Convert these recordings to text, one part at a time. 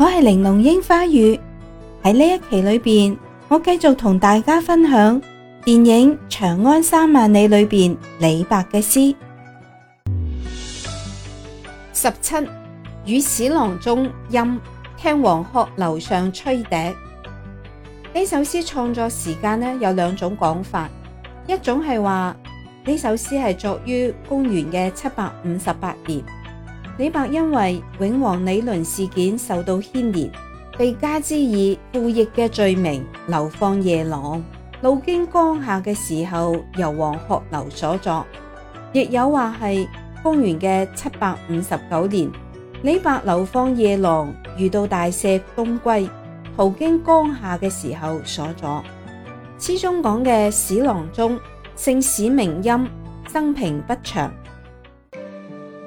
我係玲瓏櫻花語。喺呢一期裏邊，我繼續同大家分享電影《長安三萬里》裏邊李白嘅詩。十七，與史郎中音聽黃鶴樓上吹笛。呢首詩創作時間呢，有兩種講法，一種係話，呢首詩係作於公元嘅七百五十八年。李白因為永王李璘事件受到牽連，被加之以附逆嘅罪名流放夜郎。路經江夏嘅時候，由黃鶴樓所作。亦有話係公元嘅七百五十九年，李白流放夜郎，遇到大赦東歸，途經江夏嘅時候所作。詩中講嘅史郎中，姓史名欽，生平不詳。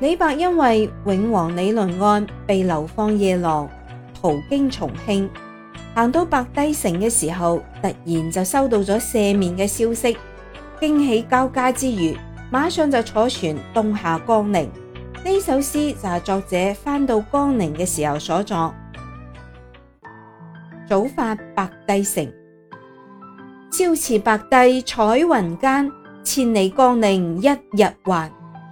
李白因為永王李璘案被流放夜郎，途經重慶，行到白帝城嘅時候，突然就收到咗赦免嘅消息，驚喜交加之餘，馬上就坐船東下江寧。呢首詩就係作者返到江寧嘅時候所作。早發白帝城，朝辭白帝彩雲間，千里江陵一日還。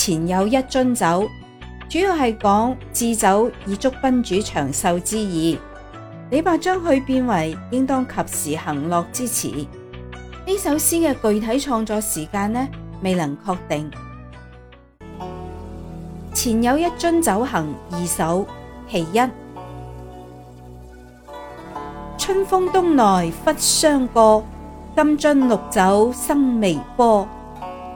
前有一樽酒，主要係講置酒以祝賓主長壽之意。李白將佢變為應當及時行樂之詞。呢首詩嘅具體創作時間呢，未能確定。前有一樽酒行二首其一：春風東來忽相過，金樽綠酒生微波。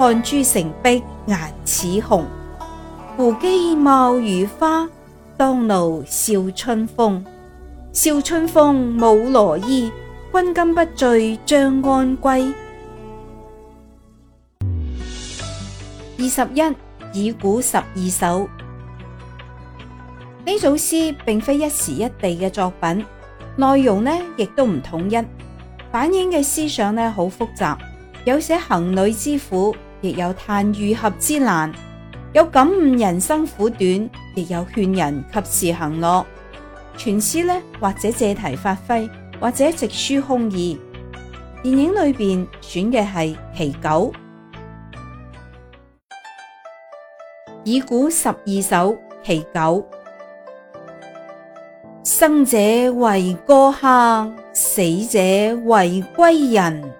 看朱成碧顏始紅，胡姬貌如花，當壚笑春風。笑春風舞羅衣，君今不醉將安歸？二十一《擬古十二首》呢組詩並非一時一地嘅作品，內容呢亦都唔統一，反映嘅思想呢好複雜，有寫行旅之苦。亦有嘆遇合之難，有感悟人生苦短，亦有勸人及時行樂。全詩呢，或者借題發揮，或者直抒胸臆。電影裏邊選嘅係其九，擬古十二首其九。生者為過客，死者為歸人。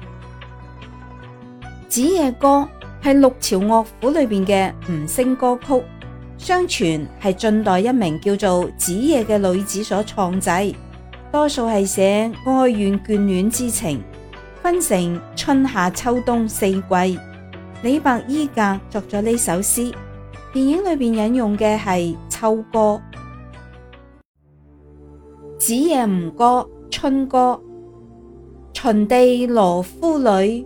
子夜歌係六朝樂府裏邊嘅吳聲歌曲，相傳係晉代一名叫做子夜嘅女子所創制，多數係寫哀怨眷戀之情，分成春夏秋冬四季。李白依格作咗呢首詩，電影裏邊引用嘅係秋歌。子夜吳歌，春歌。秦地羅敷女，